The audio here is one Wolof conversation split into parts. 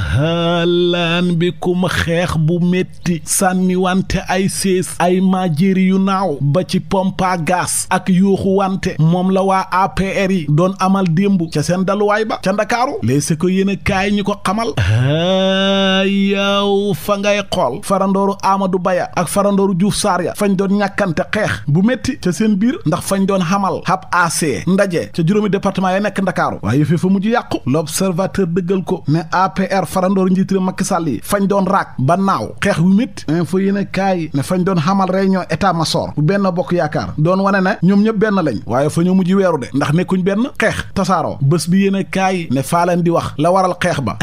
halaan bikum xeex bu métti sànni wante ay sées ay majéri yu naaw ba ci pompa gaz ak yuuxu wante moom la waa APR yi doon amal démb ca seen daluwaay ba ca ndakaaru léeg si ko yéen kaay ñu ko xamal yow fa ngay xool farandooru Amadou Baya ak farandooru Diouf saar ya fañ doon ñàkkante xeex bu métti ca seen biir ndax fañ doon xamal hab ac ndaje ca juróomi département ya nekk ndakaaru waaye yëfee fa mujj yàqu l'observateur dëggal ko ne APR farandoor njiit réew Macky yi fañ doon raak ba naaw xeex wu mit info yéen a kaay ne fañ doon xamal réunion état masor bu benn bokk yaakaar doon wane ne ñoom ñëpp benn lañ waaye fa ñoo mujj weeru de ndax nekkuñ benn xeex tasaaroo bës bi yéen a kaay ne faa leen di wax la waral xeex ba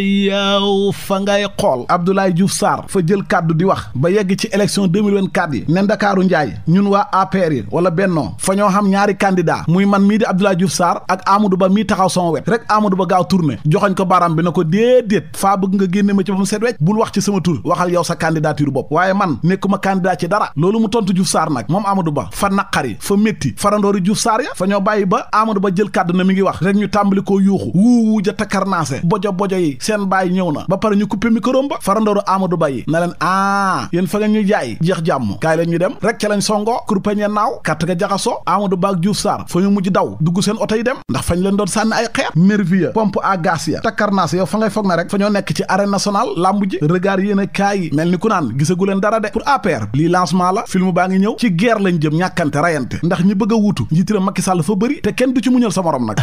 yaw fa ngay xool Abdoulaye Diouf saar fa jël kàddu di wax ba yegg ci élection 2024 yi ne Ndakaaru Njaay ñun waa APR yi wala Bennoo fa ñoo xam ñaari candidat muy man mii di Abdoulaye Diouf Sarr ak Amadou Ba mii taxaw sama wet rek Amadou Ba gaaw tourné joxoñ ko baaraam bi na ko déedéet faa bëgg nga génne ma ci ba mu set wecc bul wax ci sama tur waxal yow sa candidature Ba fa naqari fa métti farandoori Diouf Sarr ya fa bàyyi ba Amadou Ba jël kàddu na mi ngi wax rek ñu tàmbali koo yuuxu wuuwu ja takarnaase bojo bojo yi seen bàyyi ñëw na ba pare ñu coupé micro ba farandooru Amadou Ba yi na leen ah yéen fa ngeen ñu jaay jeex jàmm kaay leen ñu dem rek ca lañ songo kurpeñe naaw kàtt ga jaxaso Amadou Ba ak Diouf Sarr fa ñu mujj daw dugg seen oto yi dem ndax fañ leen doon sànni ay xeer nervi ya pompe à gaz ya karnaas yow fa ngay foog na rek fa ñoo nekk ci arène nationale lamb ji regard yéen a kaay yi mel ni ku naan gisagu leen dara de pour APR lii lancement la film baa ngi ñëw ci guerre lañ jëm ñàkkante rayante ndax ñi bëgg a wuutu njiitiram Macky Sall fa bëri te kenn du ci muñal sa morom nag ah,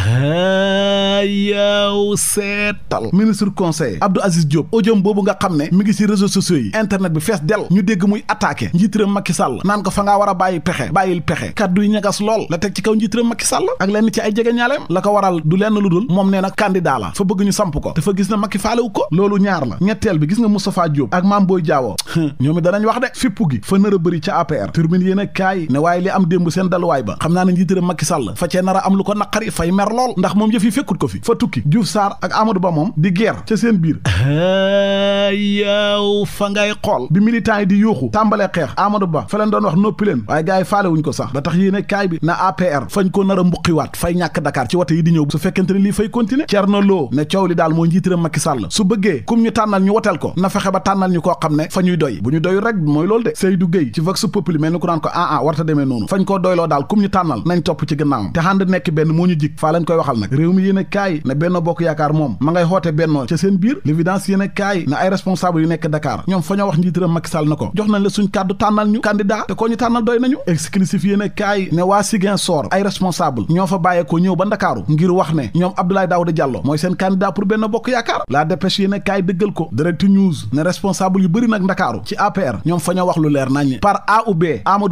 yow seetal ministre conseil Abdou Aziz Diop audiom boobu nga xam ne mi ngi ci réseaux sociaux yi internet bi fees del ñu dégg muy attaqué njiitiram Macky Sall naan ko fa ngaa war a bàyyi pexe bàyyil pexe kaddu yi ñagas lool la teg ci kaw njiitiram Macky Sall ak lenn ci ay jege la ko samp ko dafa gis na Macky faalewu ko loolu ñaar la ñetteel bi gis nga Moustapha Diop ak Mame Boye Diao ñoom it danañ wax de fippu gi fa nar a bëri ca APR turbine yéen a kaay ne waaye li am démb seen daluwaay ba xam naa ne njiitëram Macky Sall fa cee nar a am lu ko naqari fay mer lool ndax moom yëf yi fekkut ko fi fa tukki Diouf Sarr ak Amadou Ba moom di guerre ca seen biir yow fa ngay xool bi militants yi di yuuxu tàmbalee xeex Amadou Ba fa leen doon wax noppi leen waaye gars yi faale wuñ ba tax yéen a kaay a daal mooy njiitiram Macky Sall su bëggee kum ñu tànnal ñu woteel ko na fexe tànnal ñu koo xam ne fa ñuy doy bu ñu doyul rek mooy loolu de Seydou Gueye ci Vox Populi mel ni ku ko ah ah warta demee noonu fañ koo doyloo daal kum ñu tànnal nañ topp ci gannaawam te ànd nekk benn moo ñu jik faa leen koy waxal nag réew mi yéen a kaay ne Benno Bokk Yaakaar moom ma ngay xoote bennoo ca seen biir l'évidence yéen kaay ne ay responsable yu nekk Dakar ñoom benn bokk yaakaar la dépêche yéen a kaay dëggal ko direct news ne responsable yu bëri nag ndakaaru ci APR ñoom fa ñoo wax lu leer nañ par A ou B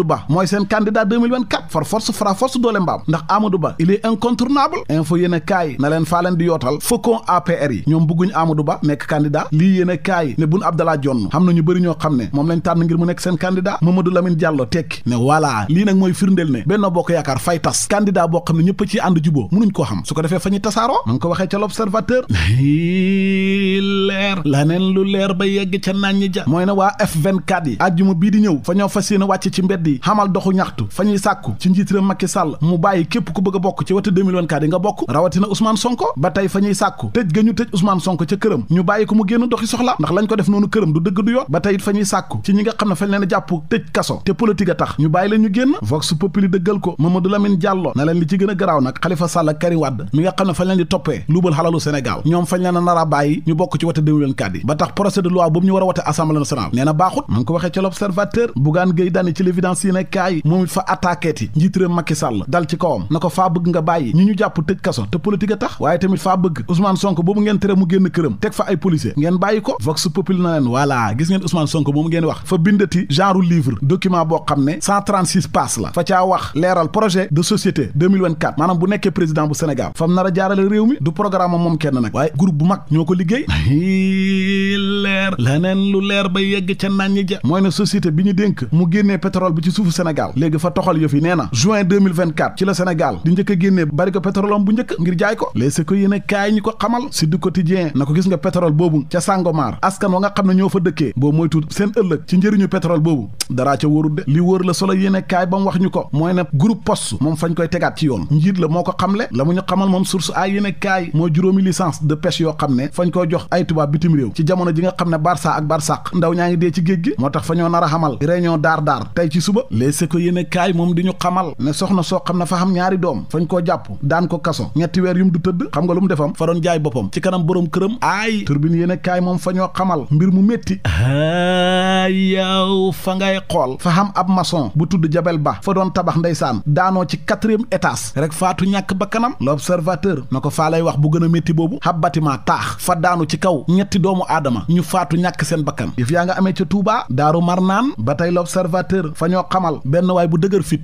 Ba mooy seen candidat 2024 far force fra force doole mbaam ndax Amadou Ba il incontournable info yéen a na leen faa leen di yootal faucon APR yi ñoom bëgguñ Amadou Ba nekk candidat lii yéen a kaay ne Boun Abdallah Dionne xam na ñu bëri ñoo xam ne moom lañ tànn ngir mu nekk seen candidat Mamadou Lamine Diallo tekki ne voilà lii nag mooy firndeel ne yaakaar fay tas candidat boo xam ne ñëpp ci ànd juboo mënuñ koo xam su ko defee fa ñuy tasaaroo ma ko waxee ca l'observateur leer laneen lu leer ba yegg ca naññi ja mooy ne waa F24 yi àjjuma bii di ñëw fa ñoo fa yéene wàcc ci mbedd yi xamal doxu ñaxtu fa ñuy sàkku ci njiitiram Macky Sall mu bàyyi képp ku bëgg a bokk ci wata 2024 yi nga bokk rawatina Ousmane Sonko ba tey fa ñuy sàkku tëj ga ñu tëj Ousmane Sonko ca këram ñu bàyyi ko mu génn doxi soxla ndax lañ ko def noonu këram du dëgg du yoon ba tey it fa ñuy sàkku ci ñi nga xam ne fañ jàpp tëj kaso te tax ñu bàyyi leen ñu génn Vox Populi dëggal ko Mamadou Lamine Diallo na leen li ci gën a garaaw nag Khalifa Sall ak Karim Wade mi nga xam ne fañ leen di toppee luubal xalalu Sénégal ñoom fañ leen a bàyyi ñu bokk ci wote yi ba tax projet de loi boobu ñu war a wote assemblée nationale nee baaxut ma ko waxee ci l'observateur Bougane Gueye Dany ci l'évidence yi ne moom it fa attaqué ti njiit réew Macky Sall dal ci kawam na ko faa bëgg nga bàyyi ñu ñu jàpp tëj kaso te politique a tax waaye tamit faa bëgg Ousmane Sonko boobu ngeen tere mu génn këram teg fa ay policier ngeen bàyyi ko vox populi na leen voilà gis ngeen Ousmane Sonko waaye groupe bu mag ñoo ko liggéey leer leneen lu leer ba yegg ca naññi ja mooy ne société bi ñu dénk mu génnee pétrole bi ci suufu Sénégal léegi fa toxal yo fi nee na juin 2024 ci la Sénégal di njëkk a génnee bari ko pétrole am bu njëkk ngir jaay ko léeg si ko yéen kaay ñi ko xamal si du quotidien na ko gis nga pétrole boobu ca Sangomar askan wa nga xam ne ñoo fa dëkkee boo moytu seen ëllëg ci njëriñu pétrole boobu daraa ca wóorul de li wóor wax ñu ko mooy ne groupe poste moom pêche yoo xam ne fañ koo jox ay tubaab bitim réew ci jamono ji nga xam ne Barça ak Barsaq ndaw ñaa ngi dee ci géej gi moo tax fa ñoo nar a xamal réunion daar daar tey ci suba Les Échos yéen kaay moom di ñu xamal ne soxna soo xam ne fa xam ñaari doom fañ koo jàpp daan ko kaso ñetti weer yu mu du tëdd xam nga lu mu defam fa doon jaay boppam ci kanam boroom këram aay turbine yéen kaay moom fa ñoo xamal mbir mu métti yow fa ngay xool fa xam ab mason bu tudd Jabel Ba fa doon tabax ndeysaan daanoo ci quatrième étage rek faatu ñàkk bakkanam l'observateur na ko faa lay wax bu gën a ab bâtiment taax fa daanu ci kaw ñetti doomu aadama ñu faatu ñàkk seen bakkan yëf yaa nga amee ca Touba Daaru Marnaan ba tey l'Observateur fa ñoo xamal benn waay bu dëgër fit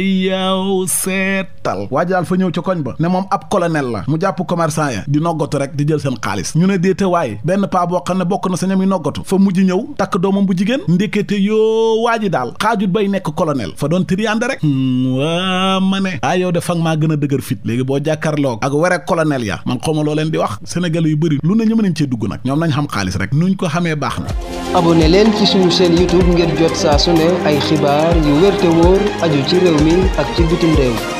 yaw seetal waa ji daal fa ñëw ca koñ ba ne moom ab colonel la mu jàpp commerçant ya di noggatu rek di jël seen xaalis ñu ne déete waay benn paa boo xam ne bokk na sa ñam yi noggatu fa mujj ñëw takk doomam bu jigéen ndékkete yoo waa ji daal xaajut bay nekk colonel fa doon triande rek hmm, waa ne ah yow de fag maa a dëgër fit léegi boo jàkkaarloog ak were colonel man xawma loo leen di wax sénégalais yu bëri lu ne ñëma nañ cee dugg nag ñoom nañ xam xaalis nu nuñ ko xamee baax na abonné leen ci suñu chaîne YouTube ngir jot saa su ne ay xibaar yu wér te wóor aju ci réew mi ak ci bitim réew